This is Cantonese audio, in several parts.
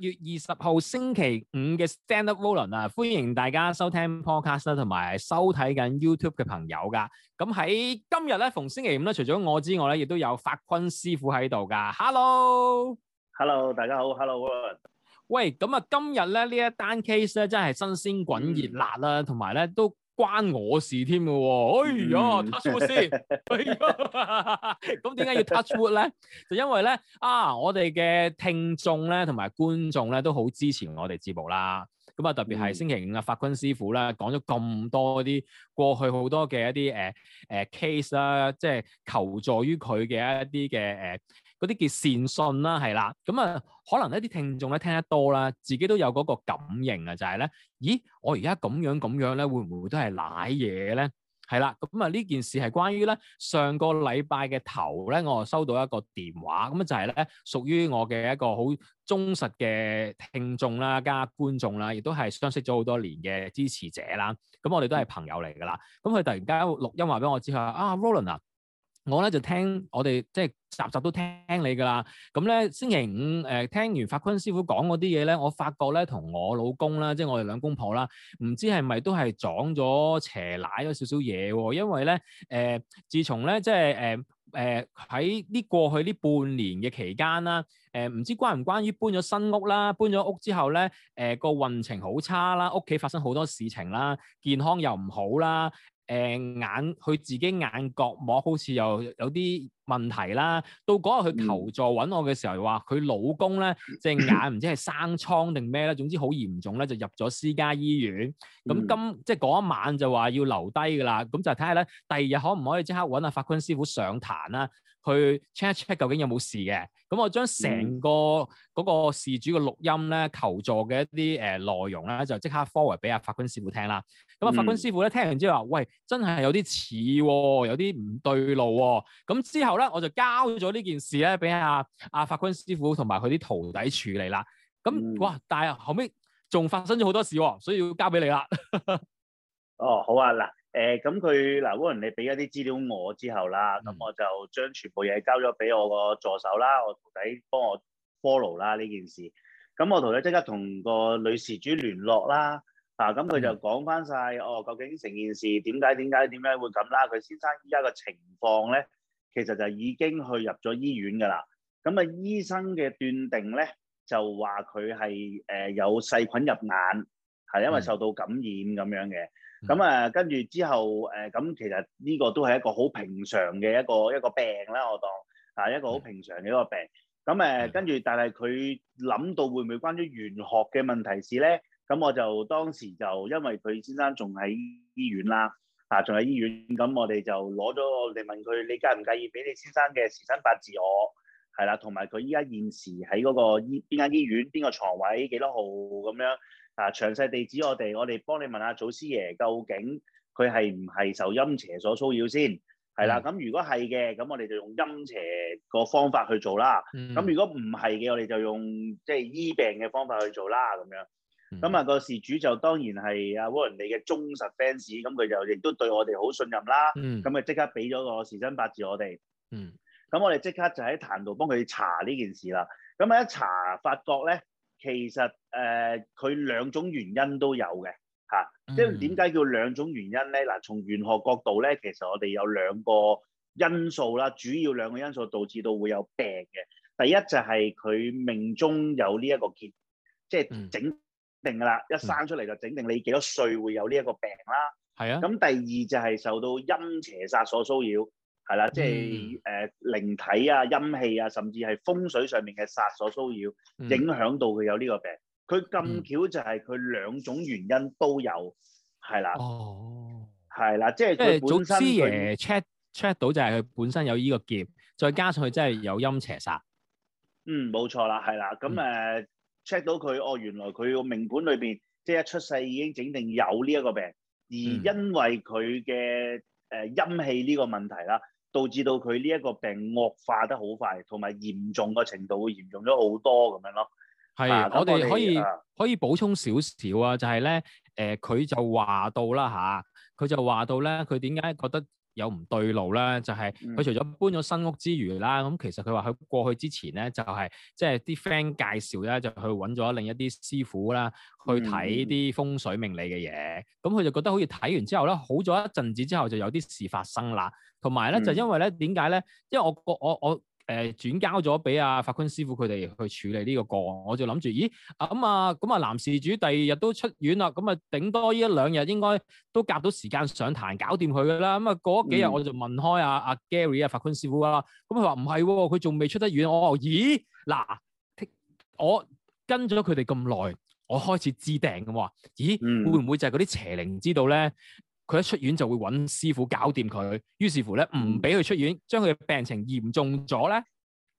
月二十號星期五嘅 Stand Up Roland 啊，歡迎大家收聽 Podcast 啦，同埋收睇緊 YouTube 嘅朋友噶。咁喺今日咧，逢星期五咧，除咗我之外咧，亦都有法坤師傅喺度噶。Hello，Hello，Hello，大家好，Hello Roland。喂，咁啊，今日咧呢一單 case 咧，真係新鮮滾熱辣啦，同埋咧都。關我事添嘅喎，哎呀，嗯，touch wood 先，咁點解要 touch wood 咧？就因為咧啊，我哋嘅聽眾咧同埋觀眾咧都好支持我哋節目啦。咁啊，特別係星期五啊，法君師傅啦，講咗咁多啲過去好多嘅一啲誒誒 case 啦，即係求助於佢嘅一啲嘅誒。呃嗰啲叫善信啦，係啦，咁啊，可能一啲聽眾咧聽得多啦，自己都有嗰個感應啊，就係咧，咦，我而家咁樣咁樣咧，會唔會都係賴嘢咧？係啦，咁啊，呢件事係關於咧上個禮拜嘅頭咧，我收到一個電話，咁啊就係咧屬於我嘅一個好忠實嘅聽眾啦，加觀眾啦，亦都係相識咗好多年嘅支持者啦，咁我哋都係朋友嚟㗎啦，咁佢突然間錄音話俾我知，佢啊，Roland 啊。我咧就聽我哋即係集集都聽你噶啦，咁咧星期五誒、呃、聽完法坤師傅講嗰啲嘢咧，我發覺咧同我老公啦，即係我哋兩公婆啦，唔知係咪都係撞咗邪奶咗少少嘢喎？因為咧誒、呃，自從咧即係誒誒喺呢過去呢半年嘅期間啦，誒、呃、唔知關唔關於搬咗新屋啦，搬咗屋之後咧誒個運程好差啦，屋企發生好多事情啦，健康又唔好啦。誒，眼，佢自己眼角膜好似又有啲，有問題啦，到嗰日佢求助揾我嘅時候，話佢、嗯、老公咧隻 眼唔知係生瘡定咩咧，總之好嚴重咧，就入咗私家醫院。咁今、嗯、即係嗰一晚就話要留低噶啦，咁就睇下咧，第二日可唔可以即刻揾阿法官師傅上壇啦，去 check check 究竟有冇事嘅。咁我將成個嗰個事主嘅錄音咧，求助嘅一啲誒、呃、內容咧，就即刻 forward 俾阿法官師傅聽啦。咁阿法官師傅咧聽完之後話：喂，真係有啲似、哦，有啲唔對路、哦。咁之後我就交咗呢件事咧，俾阿阿法坤師傅同埋佢啲徒弟處理啦。咁、嗯、哇，但係後尾仲發生咗好多事，所以要交俾你啦。 哦，好啊，嗱、呃，誒，咁佢嗱，嗰陣你俾一啲資料我之後啦，咁、嗯、我就將全部嘢交咗俾我個助手啦，嗯、我徒弟幫我 follow 啦呢件事。咁我徒弟即刻同個女事主聯絡啦，啊，咁佢就講翻晒：嗯「哦，究竟成件事點解點解點解會咁啦？佢先生依家個情況咧，其實就已經去入咗醫院噶啦，咁啊醫生嘅斷定咧就話佢係誒有細菌入眼，係因為受到感染咁樣嘅，咁啊、嗯、跟住之後誒咁、呃、其實呢個都係一個好平常嘅一個一個病啦，我當係、啊、一個好平常嘅一個病，咁誒、嗯、跟住但係佢諗到會唔會關於玄學嘅問題事咧？咁我就當時就因為佢先生仲喺醫院啦。爸仲喺醫院，咁我哋就攞咗我哋問佢，你介唔介意俾你先生嘅時辰八字我？係啦，同埋佢依家現時喺嗰個醫邊間醫院、邊個床位、幾多號咁樣啊，詳細地址我哋，我哋幫你問下祖師爺，究竟佢係唔係受陰邪所騷擾先？係啦，咁、嗯、如果係嘅，咁我哋就用陰邪個方法去做啦。咁、嗯、如果唔係嘅，我哋就用即係、就是、醫病嘅方法去做啦，咁樣。咁啊、嗯嗯、個事主就當然係阿 Warren 你嘅忠實 fans，咁佢就亦都對我哋好信任啦。咁啊即刻俾咗個時辰八字我哋。咁、嗯、我哋即刻就喺壇度幫佢查呢件事啦。咁啊一查發覺咧，其實誒佢、呃、兩種原因都有嘅嚇。即係點解叫兩種原因咧？嗱、啊，從玄學角度咧，其實我哋有兩個因素啦，主要兩個因素導致到會有病嘅。第一就係佢命中有呢、這、一個結，即、就、係、是、整，嗯定噶啦，一生出嚟就整定你幾多歲會有呢一個病啦。係啊，咁、啊、第二就係受到陰邪煞所騷擾，係啦、啊，即係誒靈體啊、陰氣啊，甚至係風水上面嘅煞所騷擾，影響到佢有呢個病。佢咁、嗯、巧就係佢兩種原因都有，係啦、啊。哦，係啦、啊，就是、本身即係。即係祖師爺 check check 到就係佢本身有呢個劫，再加上佢真係有陰邪煞、嗯啊啊。嗯，冇錯啦，係啦，咁誒。check 到佢，哦，原來佢個命盤裏邊，即係一出世已經整定有呢一個病，而因為佢嘅誒陰氣呢個問題啦，導致到佢呢一個病惡化得好快，同埋嚴重個程度會嚴重咗好多咁樣咯。係是，啊、我哋可以、啊、可以補充少少、就係呃、啊，就係咧誒，佢就話到啦吓，佢就話到咧，佢點解覺得有唔對路啦，就係、是、佢除咗搬咗新屋之餘啦，咁、嗯、其實佢話佢過去之前咧、就是，就係即係啲 friend 介紹啦，就去揾咗另一啲師傅啦，去睇啲風水命理嘅嘢，咁佢、嗯、就覺得好似睇完之後咧，好咗一陣子之後就有啲事發生啦，同埋咧就因為咧點解咧？因為我我我。我誒轉交咗俾啊法官師傅佢哋去處理呢個個案，我就諗住，咦，咁啊咁啊男事主第二日都出院啦，咁啊頂多呢一兩日應該都夾到時間上壇搞掂佢噶啦。咁啊過幾日我就問開啊啊 Gary 啊法官師傅啦，咁佢話唔係喎，佢仲未出得院，我話咦，嗱，我跟咗佢哋咁耐，我開始置定咁話，咦，會唔會就係嗰啲邪靈知道咧？佢一出院就會揾師傅搞掂佢，於是乎咧唔俾佢出院，將佢嘅病情嚴重咗咧，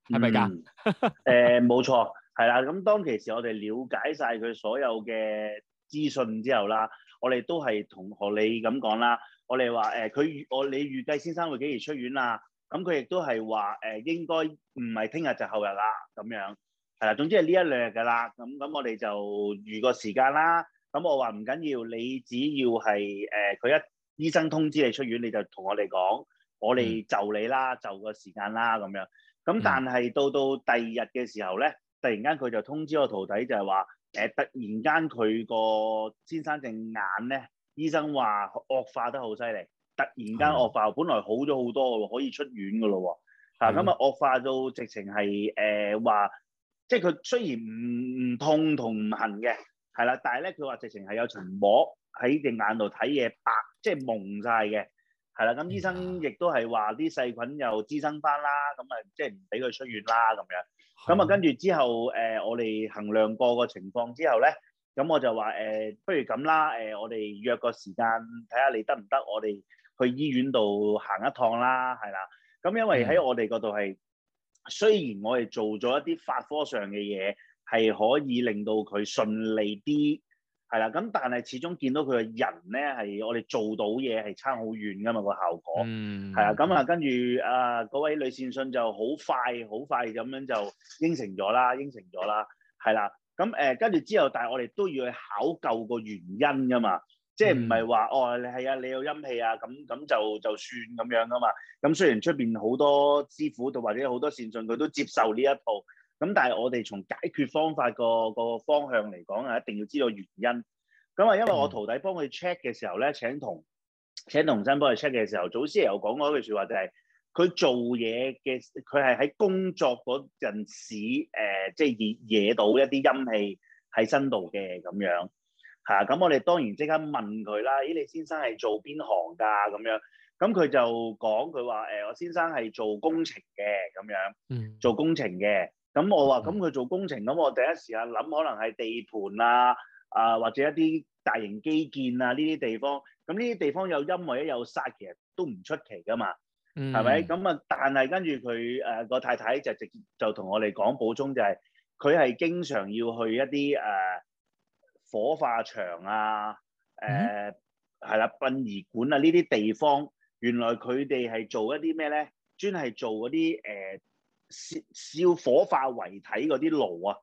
係咪㗎？誒冇 呃、錯，係啦。咁當其時我哋了解晒佢所有嘅資訊之後啦，我哋都係同學你咁講啦。我哋話誒，佢、呃、我你預計先生會幾時出院啊？咁佢亦都係話誒，應該唔係聽日就後日啦、啊，咁樣係啦。總之係呢一兩日㗎啦。咁咁我哋就預個時間啦。咁我話唔緊要，你只要係誒，佢、呃、一醫生通知你出院，你就同我哋講，我哋就你啦，嗯、就個時間啦咁樣。咁但係到到第二日嘅時候咧，突然間佢就通知我徒弟就係話，誒、呃、突然間佢個先生隻眼咧，醫生話惡化得好犀利，突然間惡化，嗯、本來好咗好多㗎，可以出院㗎咯喎。啊，咁啊惡化到直情係誒話，即係佢雖然唔痛同唔痕嘅。係啦，但係咧，佢話直情係有層膜喺隻眼度睇嘢白，即係蒙晒嘅。係啦，咁醫生亦都係話啲細菌又滋生翻，啦，咁啊即係唔俾佢出院啦咁樣。咁啊的跟住之後誒、呃，我哋衡量過個情況之後咧，咁我就話誒、呃，不如咁啦，誒、呃、我哋約個時間睇下你得唔得，我哋去醫院度行一趟啦，係啦。咁因為喺我哋嗰度係，雖然我哋做咗一啲法科上嘅嘢。係可以令到佢順利啲，係啦。咁但係始終見到佢嘅人咧，係我哋做到嘢係差好遠噶嘛，個效果。係啊、嗯，咁啊，跟住啊嗰位女善信就好快好快咁樣就應承咗啦，應承咗啦，係啦。咁誒、呃、跟住之後，但係我哋都要去考究個原因噶嘛，即係唔係話哦你係啊，你有陰氣啊咁咁就就算咁樣噶嘛。咁雖然出邊好多師傅同或者好多善信佢都接受呢一套。咁但係我哋從解決方法個、那個方向嚟講啊，一定要知道原因。咁啊，因為我徒弟幫佢 check 嘅時候咧，請同請同新幫佢 check 嘅時候，祖師又講過一句説話就係、是：佢做嘢嘅，佢係喺工作嗰陣時、呃、即係惹，惹到一啲陰氣喺身度嘅咁樣。嚇、啊，咁我哋當然即刻問佢啦。咦、欸，你先生係做邊行㗎？咁樣，咁佢就講佢話誒，我先生係做工程嘅咁樣，嗯、做工程嘅。咁我話，咁佢做工程，咁我第一時間諗可能係地盤啊，啊或者一啲大型基建啊呢啲地方，咁呢啲地方有陰或者有煞，其實都唔出奇噶嘛，係咪、嗯？咁啊，但係跟住佢誒個太太就直接就同我哋講補充，就係佢係經常要去一啲誒、啊、火化場啊，誒係啦殯儀館啊呢啲、嗯啊、地方，原來佢哋係做一啲咩咧？專係做嗰啲誒。啊燒火化遺體嗰啲爐啊，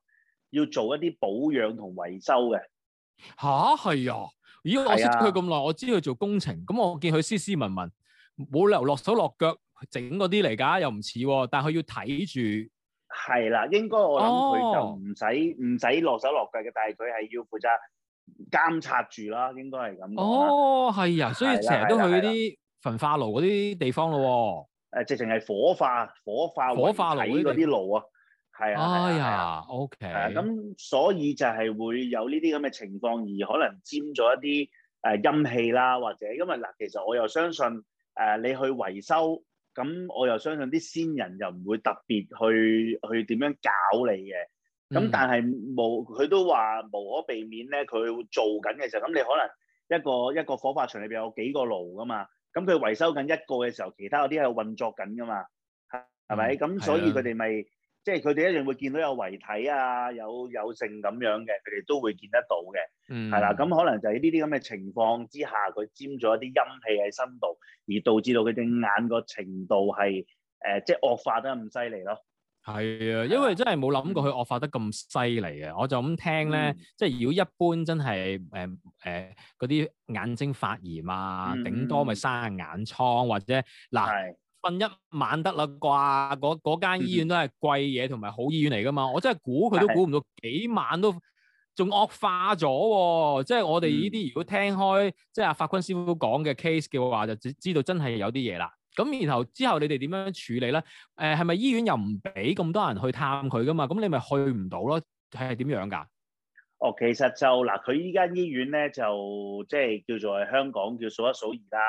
要做一啲保養同維修嘅。吓？係啊！咦，我識佢咁耐，我知佢做工程，咁我見佢斯斯文文，冇理由落手落腳整嗰啲嚟㗎，又唔似喎。但佢要睇住，係啦，應該我諗佢就唔使唔使落手落腳嘅，但係佢係要負責監察住啦，應該係咁。哦，係啊，所以成日都去嗰啲焚化爐嗰啲地方咯。誒、啊、直情係火化，火化火化嚟嗰啲爐啊，係啊，哎呀，OK。誒咁所以就係會有呢啲咁嘅情況，而可能沾咗一啲誒陰氣啦，或者因為嗱，其實我又相信誒、呃、你去維修，咁我又相信啲先人又唔會特別去去點樣搞你嘅。咁但係無佢、嗯、都話無可避免咧，佢做緊嘅時候，咁你可能一個一個火化場裏邊有幾個爐噶嘛。咁佢維修緊一個嘅時候，其他嗰啲係運作緊㗎嘛，係咪？咁、嗯、所以佢哋咪即係佢哋一定會見到有遺體啊，有有剩咁樣嘅，佢哋都會見得到嘅。嗯，係啦，咁可能就喺呢啲咁嘅情況之下，佢沾咗一啲陰氣喺身度，而導致到佢隻眼個程度係誒，即係惡化得咁犀利咯。係啊，因為真係冇諗過佢惡化得咁犀利嘅，我就咁聽咧，嗯、即係如果一般真係誒誒嗰啲眼睛發炎啊，頂、嗯、多咪生眼瘡或者嗱瞓是一晚得啦啩，嗰嗰間醫院都係貴嘢同埋好醫院嚟噶嘛，我真係估佢都估唔到幾晚都仲惡化咗、啊，即係我哋呢啲如果聽開即係阿法坤師傅講嘅 case 嘅話，就知知道真係有啲嘢啦。咁然後之後你哋點樣處理咧？誒係咪醫院又唔俾咁多人去探佢噶嘛？咁你咪去唔到咯？係點樣噶？哦，其實就嗱，佢依間醫院咧就即係叫做係香港叫數一數二啦，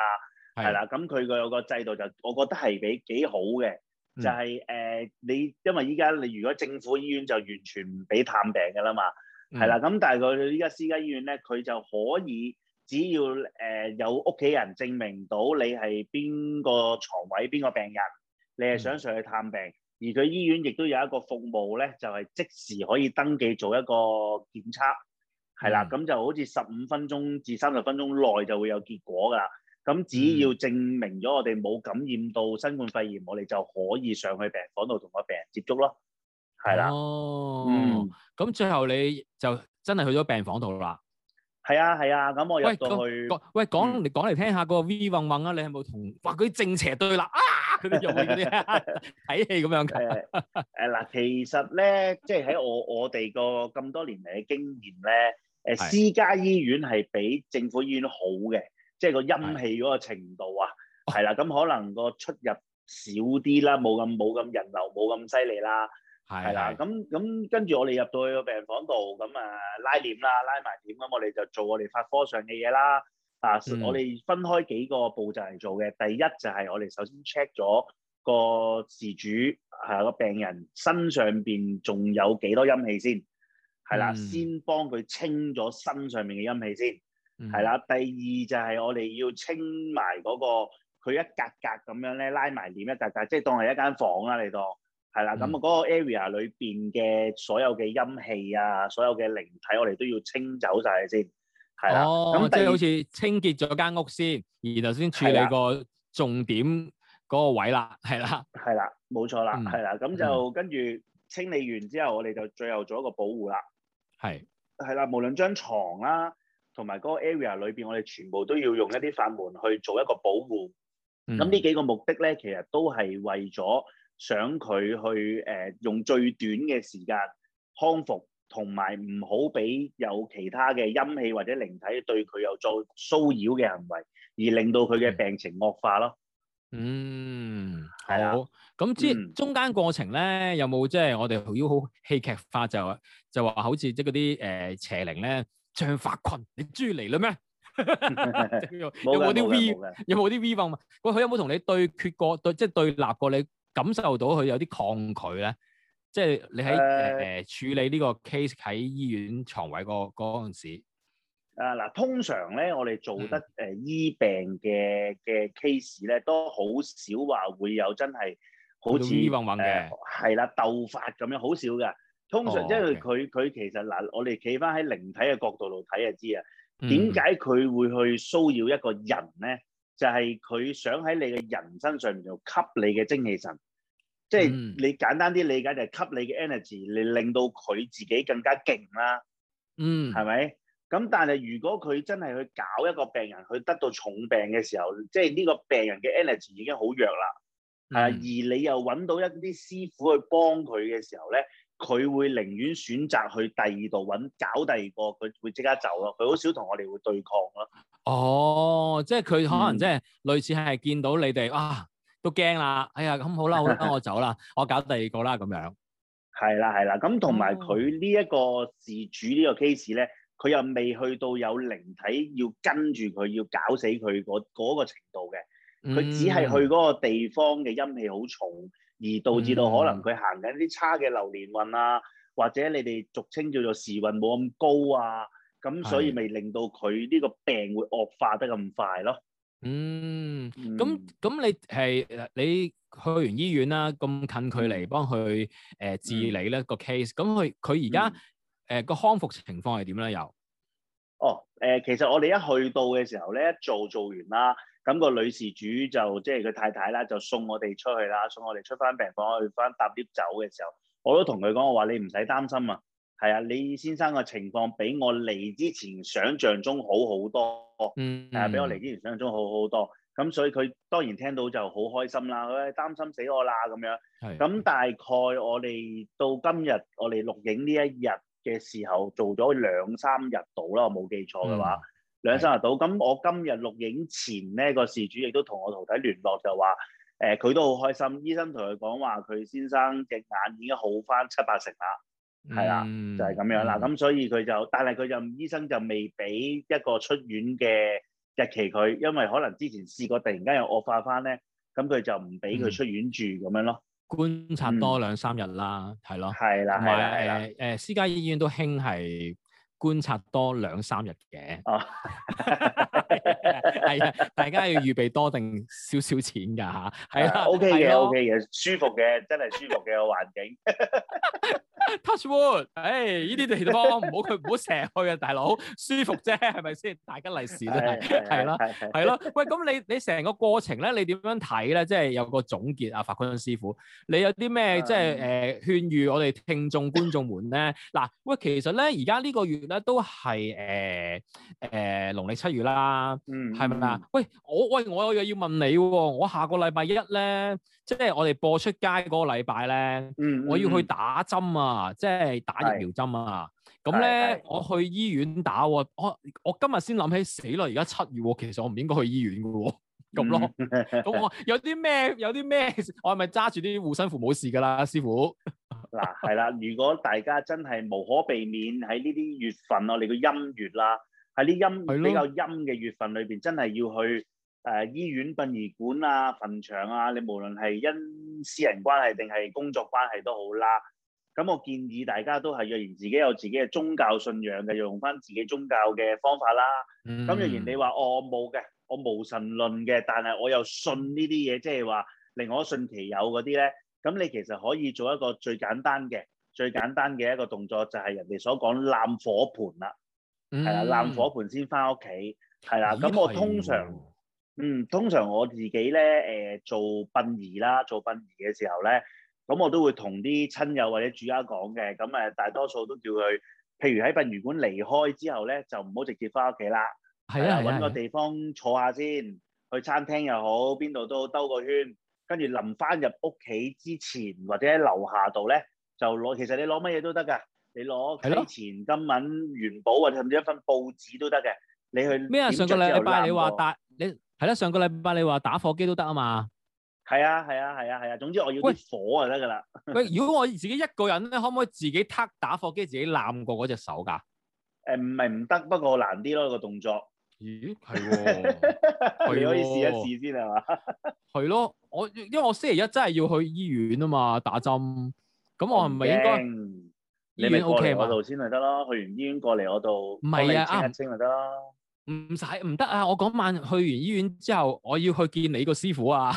係啦的。咁佢個有個制度就，我覺得係比幾好嘅，就係、是、誒、嗯呃、你因為依家你如果政府醫院就完全唔俾探病嘅啦嘛，係啦、嗯。咁但係佢依家私家醫院咧，佢就可以。只要誒、呃、有屋企人證明到你係邊個床位邊個病人，你係想上去探病，嗯、而佢醫院亦都有一個服務咧，就係、是、即時可以登記做一個檢測，係啦，咁、嗯、就好似十五分鐘至三十分鐘內就會有結果㗎啦。咁只要證明咗我哋冇感染到新冠肺炎，我哋就可以上去病房度同個病人接觸咯，係啦。哦，咁、嗯、最後你就真係去咗病房度啦。係啊係啊，咁、啊、我入過去喂。喂，講嚟講嚟聽下、個 V 運運啊，你係冇同？話佢正邪對立，啊，佢哋用去啲睇戲咁樣。誒誒嗱，其實咧，即係喺我我哋個咁多年嚟嘅經驗咧，誒的私家醫院係比政府醫院好嘅，即係的個陰氣嗰個程度啊，係啦的，咁 可能個出入少啲啦，冇咁冇咁人流冇咁犀利啦。係啦，咁咁跟住我哋入到去個病房度，咁啊拉簾啦，拉埋簾，咁我哋就做我哋發科上嘅嘢啦。啊，我哋分開幾個步驟嚟做嘅。第一就係我哋首先 check 咗個事主係個病人身上面仲有幾多陰氣先，係啦，先幫佢清咗身上面嘅陰氣先，係啦。第二就係我哋要清埋嗰個佢一格格咁樣咧拉埋簾一格格，即係當係一間房啦，你當。係啦，咁啊，嗰個 area 裏邊嘅所有嘅陰氣啊，所有嘅靈體，我哋都要清走晒、oh, 第先。係啦，咁即係好似清潔咗間屋先，然後先處理個重點嗰個位啦，係啦。係啦，冇錯啦，係啦的，咁、嗯、就跟住清理完之後，我哋就最後做一個保護啦。係的，係啦，無論張床啦、啊，同埋嗰個 area 裏邊，我哋全部都要用一啲法門去做一個保護。咁呢、嗯、幾個目的咧，其實都係為咗。想佢去誒、呃、用最短嘅時間康復，同埋唔好俾有其他嘅陰氣或者靈體對佢有再騷擾嘅行為，而令到佢嘅病情惡化咯。嗯，係啊，好。咁即係中間過程咧，有冇即係我哋要好戲劇化就就話好似即係嗰啲誒邪靈咧，張法羣，你豬嚟啦咩？ 冇問題，有冇啲 V？有冇啲 V 問喂？佢有冇同你對決過？對即係對立過你？感受到佢有啲抗拒咧，即係你喺誒、呃、處理呢個 case 喺醫院床位、那個嗰陣時。啊，嗱，通常咧，我哋做得誒、嗯呃、醫病嘅嘅 case 咧，都好少話會有真係好似嘅，係啦、呃、鬥法咁樣，好少㗎。通常、哦 okay. 即係佢佢其實嗱、呃，我哋企翻喺靈體嘅角度度睇就知啊，點解佢會去騷擾一個人咧？就係佢想喺你嘅人身上面就吸你嘅精氣神，即、就、係、是、你簡單啲理解就係吸你嘅 energy，你令到佢自己更加勁啦、啊。嗯、mm.，係咪？咁但係如果佢真係去搞一個病人，佢得到重病嘅時候，即係呢個病人嘅 energy 已經好弱啦。啊，mm. 而你又揾到一啲師傅去幫佢嘅時候咧。佢會寧願選擇去第二度搵搞第二個，佢會即刻走咯。佢好少同我哋會對抗咯。哦，即係佢可能即係類似係見到你哋，嗯、啊，都驚啦！哎呀，咁好啦，好啦，我走啦， 我搞第二個啦，咁樣。係啦，係啦。咁同埋佢呢一個事主個呢個 case 咧，佢又未去到有靈體要跟住佢要搞死佢嗰嗰個程度嘅。佢只係去嗰個地方嘅陰氣好重，而導致到可能佢行緊啲差嘅流年運啊，或者你哋俗稱叫做時運冇咁高啊，咁所以咪令到佢呢個病會惡化得咁快咯。嗯，咁咁你係你去完醫院啦，咁近距離幫佢誒治理呢個 case，咁佢佢而家誒個康復情況係點咧？又哦，誒其實我哋一去到嘅時候咧，一做做完啦。咁個女事主就即係佢太太啦，就送我哋出去啦，送我哋出翻病房去翻搭碟 i 走嘅時候，我都同佢講，我話你唔使擔心啊，係啊，李先生嘅情況比我嚟之前想象中好好多，係、嗯、啊，比我嚟之前想象中好好多。咁所以佢當然聽到就好開心啦，佢話擔心死我啦咁樣。咁大概我哋到今日我哋錄影呢一日嘅時候，做咗兩三日到啦，我冇記錯嘅話。嗯兩三日到，咁我今日錄影前咧，個事主亦都同我徒弟聯絡，就話誒佢都好開心，醫生同佢講話佢先生隻眼已經好翻七八成啦，係啦，就係咁樣啦，咁所以佢就，但係佢就醫生就未俾一個出院嘅日期佢，因為可能之前試過突然間又惡化翻咧，咁佢就唔俾佢出院住咁樣咯，觀察多兩三日啦，係咯，係啦，同埋誒誒私家醫院都興係。觀察多兩三日嘅，係啊，大家要預備多定少少錢㗎嚇，係啊 OK 嘅，OK 嘅，舒服嘅，真係舒服嘅環境。Touch wood，誒，呢啲地方唔好，佢唔好成日去啊，大佬，舒服啫，係咪先？大吉利是都係，係啦，係啦，喂，咁你你成個過程咧，你點樣睇咧？即係有個總結啊，法官師傅，你有啲咩即係誒勸喻我哋聽眾觀眾們咧？嗱，喂，其實咧，而家呢個月。咧都係誒誒，農曆七月啦，嗯，係咪啊？喂，我喂我又要問你喎、哦，我下個禮拜一咧，即係我哋播出街嗰個禮拜咧、嗯，嗯，我要去打針啊，的即係打疫苗針啊，咁咧的呢我去醫院打喎、啊，我我今日先諗起死啦，而家七月、哦，其實我唔應該去醫院嘅喎、哦。咁咯，咁 我有啲咩有啲咩， 我係咪揸住啲護身符冇事噶啦，師傅？嗱、 啊，係啦，如果大家真係無可避免喺呢啲月份我哋個陰月啦，喺呢陰的比較陰嘅月份裏邊，真係要去誒、呃、醫院殯儀館啊、墳場啊，你無論係因私人關係定係工作關係都好啦。咁我建議大家都係若然自己有自己嘅宗教信仰嘅，用翻自己宗教嘅方法啦。咁、嗯、若然你話我冇嘅。哦，我無神論嘅，但係我又信呢啲嘢，即係話令我信其有嗰啲咧。咁你其實可以做一個最簡單嘅、最簡單嘅一個動作就，就係人哋所講攬火盆啦，係啦，攬、嗯、火盆先翻屋企，係啦。咁我通常，的嗯，通常我自己咧，誒、呃、做殯儀啦，做殯儀嘅時候咧，咁我都會同啲親友或者主家講嘅，咁誒大多數都叫佢，譬如喺殯儀館離開之後咧，就唔好直接翻屋企啦。係啊！揾、啊啊、個地方坐下先，去餐廳又好，邊度都兜個圈，跟住臨翻入屋企之前，或者喺樓下度咧，就攞。其實你攞乜嘢都得㗎，你攞睇錢、金銀、元寶，或者甚至一份報紙都得嘅。你去咩過啊？上個禮拜你話打你係啦，上個禮拜你話打火機都得啊嘛。係啊，係啊，係啊，係啊，啊。總之我要啲火啊，得㗎啦。喂，如果我自己一個人咧，你可唔可以自己撻打火機自己攬過嗰隻手㗎？誒、呃，唔係唔得，不過難啲咯、個動作。咦，係喎， 係可以試一試先係嘛？係咯的， 我因為我星期一真係要去醫院啊嘛，打針。咁我唔咪應該，怕院你院過嚟我度先係得咯。去完醫院過嚟我度，唔係啊，阿清咪得咯。唔使唔得啊！我嗰晚去完醫院之後，我要去見你個師傅啊！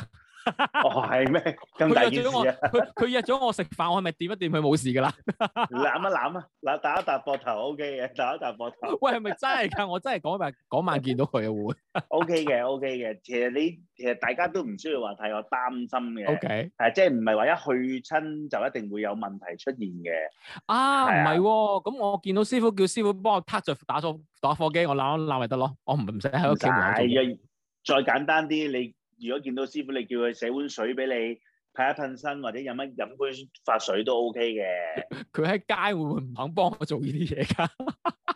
哦，係咩？咁 大件事啊！佢約咗我食飯，我係咪掂一掂佢冇事噶啦？攬 一攬啊，嗱，打、OK、一打膊頭，O K 嘅，打一打膊頭。喂，係咪真係噶？ 我真係講嗰晚見到佢會。O K 嘅，O K 嘅。其實你其實大家都唔需要話太過擔心嘅。O K，誒，即係唔係話一去親就一定會有問題出現嘅。啊，唔係、啊，咁我見到師傅叫師傅幫我撻咗、er, 打咗打火機，我攬一攬咪得咯，我唔唔使喺屋企。唔係啊，再簡單啲你。如果見到師傅，你叫佢寫碗水俾你。噴一噴身或者飲一飲杯水發水都 OK 嘅。佢喺街會唔會唔肯幫我做呢啲嘢㗎？誒、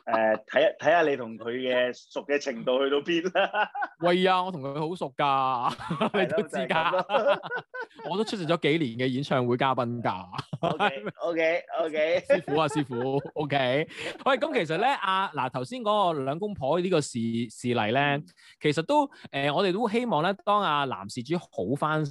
uh，睇一睇下你同佢嘅熟嘅程度去到邊啦。 喂啊，我同佢好熟㗎， 你都知㗎。 我都出席咗幾年嘅演唱會嘉賓㗎。 OK，OK，OK Okay, okay,、okay. 師傅啊，師傅，OK。喂，咁其實咧，阿嗱頭先嗰個兩公婆呢個事事例咧，其實都誒、呃，我哋都希望咧，當阿、啊、男事主好翻。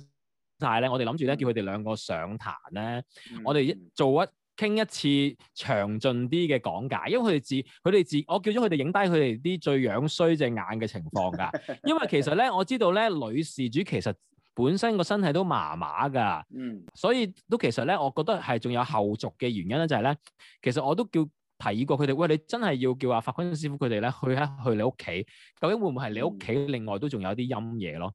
但係咧，我哋諗住咧叫佢哋兩個上壇咧，嗯、我哋做一傾一次詳盡啲嘅講解，因為佢哋自佢哋自我叫咗佢哋影低佢哋啲最樣衰隻眼嘅情況噶， 因為其實咧我知道咧，女事主其實本身個身體都麻麻噶，嗯，所以都其實咧，我覺得係仲有後續嘅原因咧，就係咧，其實我都叫提議過佢哋，喂，你真係要叫阿法坤師傅佢哋咧去一去你屋企，究竟會唔會係你屋企另外都仲有啲陰嘢咯？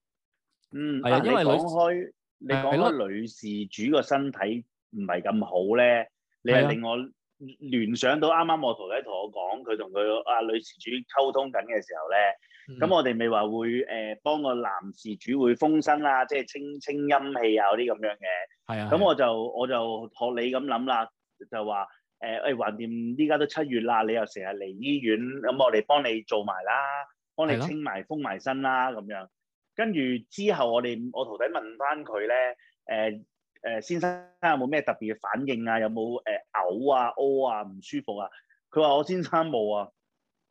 嗯，係、啊、因為你講個女事主個身體唔係咁好咧，你係令我聯想到啱啱我徒弟同我講，佢同佢啊女事主溝通緊嘅時候咧，咁、嗯、我哋咪話會誒、呃、幫個男事主會封身啦，即係清清陰氣啊嗰啲咁樣嘅。係啊，咁我就我就學你咁諗啦，就話誒誒，橫掂依家都七月啦，你又成日嚟醫院，咁我哋幫你做埋啦，幫你清埋、啊、封埋身啦咁樣。跟住之後，我哋我徒弟問翻佢咧，誒誒先生有冇咩特別嘅反應啊？有冇誒嘔啊、屙啊、唔舒服啊？佢話：我先生冇啊，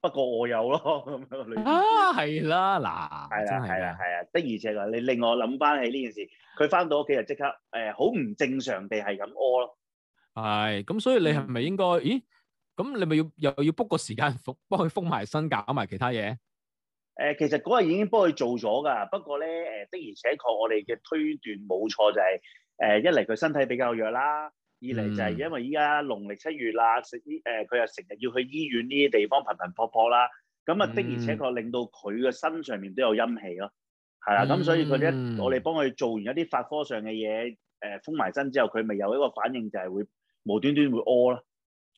不過我有咯。啊，係啦，嗱，係啦，係啦，係啊，的而且確，你令我諗翻起呢件事，佢翻到屋企就即刻誒好唔正常地係咁屙咯。係，咁所以你係咪應該？咦，咁你咪要又要 book 個時間幫佢封埋身，搞埋其他嘢？誒其實嗰日已經幫佢做咗噶，不過咧誒的而且確我哋嘅推斷冇錯，就係、是、誒、呃、一嚟佢身體比較弱啦，二嚟就係因為依家農曆七月啦，食啲誒佢又成日要去醫院呢啲地方頻頻撲撲啦，咁啊的而且確令到佢嘅身上面都有陰氣咯，係啦，咁、啊、所以佢咧我哋幫佢做完一啲法科上嘅嘢，誒、呃、封埋身之後，佢咪有一個反應就係會無端端會屙咯。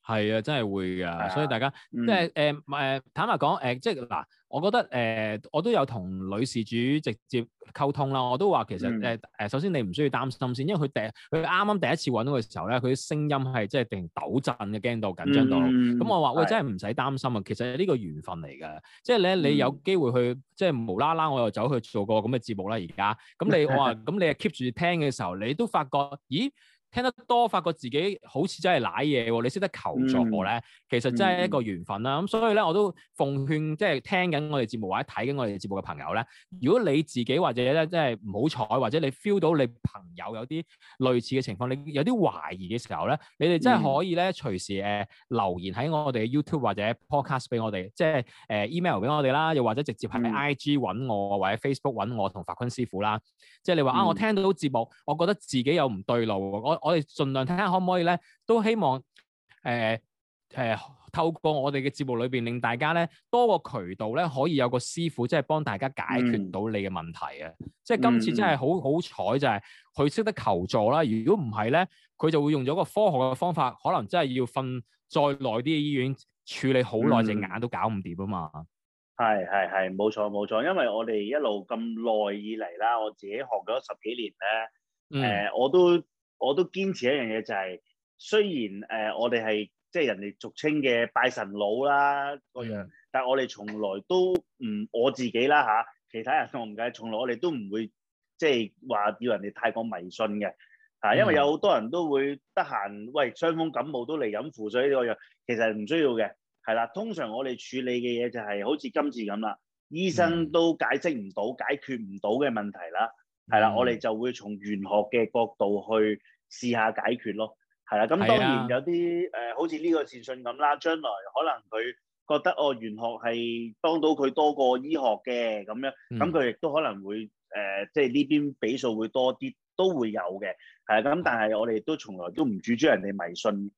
係啊，真係會噶，的所以大家即係誒誒，坦白講誒、呃，即係嗱、啊，我覺得誒、呃，我都有同女事主直接溝通啦。我都話其實誒誒、呃，首先你唔需要擔心先，因為佢第佢啱啱第一次搵到嘅時候咧，佢啲聲音係即係定抖震嘅，驚到緊張到。咁、嗯、我話喂，的真係唔使擔心啊，其實呢個緣分嚟噶，即係咧你有機會去、嗯、即係無啦啦，我又走去做個咁嘅節目啦。而家咁你我話咁你係 keep 住聽嘅時候，你都發覺咦？ 聽得多，發覺自己好似真係瀨嘢喎！你識得求助我咧，嗯、其實真係一個緣分啦、啊。咁、嗯、所以咧，我都奉勸即係、就是、聽緊我哋節目或者睇緊我哋節目嘅朋友咧，如果你自己或者咧即係唔好彩，或者你 feel 到你朋友有啲類似嘅情況，你有啲懷疑嘅時候咧，你哋真係可以咧、嗯、隨時誒、呃、留言喺我哋嘅 YouTube 或者 Podcast 俾我哋，即係誒 email 俾我哋啦，又或者直接喺 IG 揾我、嗯、或者 Facebook 揾我同法坤師傅啦。即、就、係、是、你話、嗯、啊，我聽到節目，我覺得自己有唔對路，我哋盡量睇下可唔可以咧，都希望誒誒、呃呃、透過我哋嘅節目裏邊，令大家咧多個渠道咧，可以有個師傅，即係幫大家解決到你嘅問題啊！嗯、即係今次真係好好彩，就係佢識得求助啦。如果唔係咧，佢就會用咗個科學嘅方法，可能真係要瞓再耐啲嘅醫院處理好耐隻、嗯、眼都搞唔掂啊嘛，係係係，冇錯冇錯，因為我哋一路咁耐以嚟啦，我自己學咗十幾年咧，誒、呃、我都。我都堅持一樣嘢、就係呃，就係雖然誒，我哋係即係人哋俗稱嘅拜神佬啦個樣的但係我哋從來都唔我自己啦嚇、啊，其他人我唔計，從來我哋都唔會即係話要人哋太過迷信嘅嚇、啊，因為有好多人都會得閒，喂傷風感冒都嚟飲符水呢個樣，其實唔需要嘅，係啦，通常我哋處理嘅嘢就係、是、好似今次咁啦，醫生都解釋唔到、的解決唔到嘅問題啦。係啦，我哋就會從玄學嘅角度去試下解決咯。係啦，咁當然有啲誒的、呃，好似呢個善信咁啦，將來可能佢覺得哦，玄學係幫到佢多過醫學嘅咁樣，咁佢亦都可能會誒、呃，即係呢邊比數會多啲，都會有嘅。係啊，咁但係我哋都從來都唔主張人哋迷信。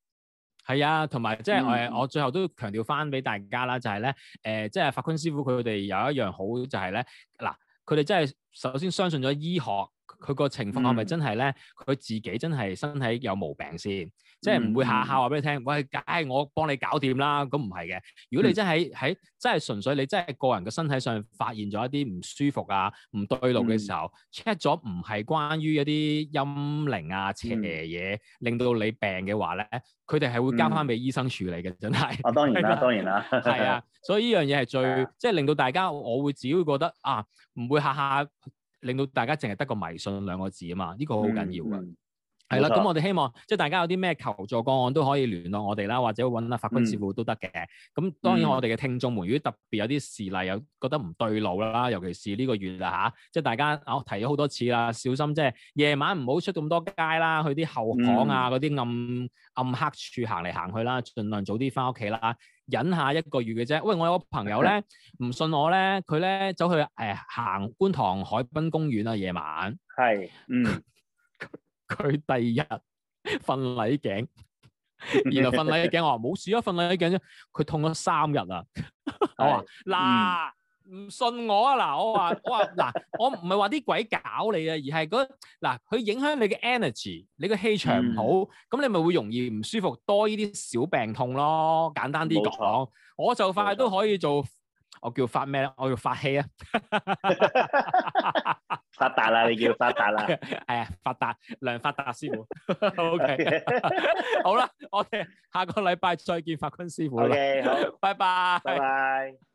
係啊，同埋即係我、嗯、我最後都強調翻俾大家啦，就係咧誒，即、呃、係、就是、法官師傅佢哋有一樣好就係咧嗱。佢哋真係首先相信咗醫學。佢個情況係咪真係咧？佢自己真係身體有毛病先，即係唔會下下話俾你聽。喂，梗係我幫你搞掂啦。咁唔係嘅。如果你真係喺真係純粹你真係個人嘅身體上發現咗一啲唔舒服啊、唔對路嘅時候，check 咗唔係關於一啲陰靈啊邪嘢令到你病嘅話咧，佢哋係會交翻俾醫生處理嘅。真係。啊，當然啦，當然啦。係啊，所以呢樣嘢係最即係令到大家，我會自己會覺得啊，唔會下下。令到大家淨係得個迷信兩個字啊嘛，呢、這個、嗯嗯、的好緊要㗎。係啦，咁我哋希望即係、就是、大家有啲咩求助個案都可以聯絡我哋啦，或者搵下法官師傅都得嘅。咁、嗯、當然我哋嘅聽眾們，如果特別有啲事例又覺得唔對路啦，尤其是呢個月啊嚇，即、就、係、是、大家我提咗好多次啦，小心即係夜晚唔好出咁多街啦，去啲後巷啊嗰啲、嗯、暗暗黑處行嚟行去啦，盡量早啲返屋企啦。忍下一個月嘅啫，喂！我有個朋友咧，唔、嗯、信我咧，佢咧走去誒、呃、行觀塘海濱公園啊，夜晚。係。嗯。佢第二日瞓禮頸，原來瞓禮頸， 我話冇事啊，瞓禮頸啫，佢痛咗三日啊，我話嗱。唔信我啊！嗱，我話我話嗱，我唔係話啲鬼搞你啊，而係嗰嗱，佢影響你嘅 energy，你個氣場唔好，咁、嗯、你咪會容易唔舒服，多呢啲小病痛咯。簡單啲講，錯我就快都可以做，錯我叫發咩？我叫發氣啊， 發達啦！你叫發達啦，係 啊，發達梁發達師傅。O K，好啦，我哋下個禮拜再見，法坤師傅啦。O K，好，拜拜，拜拜。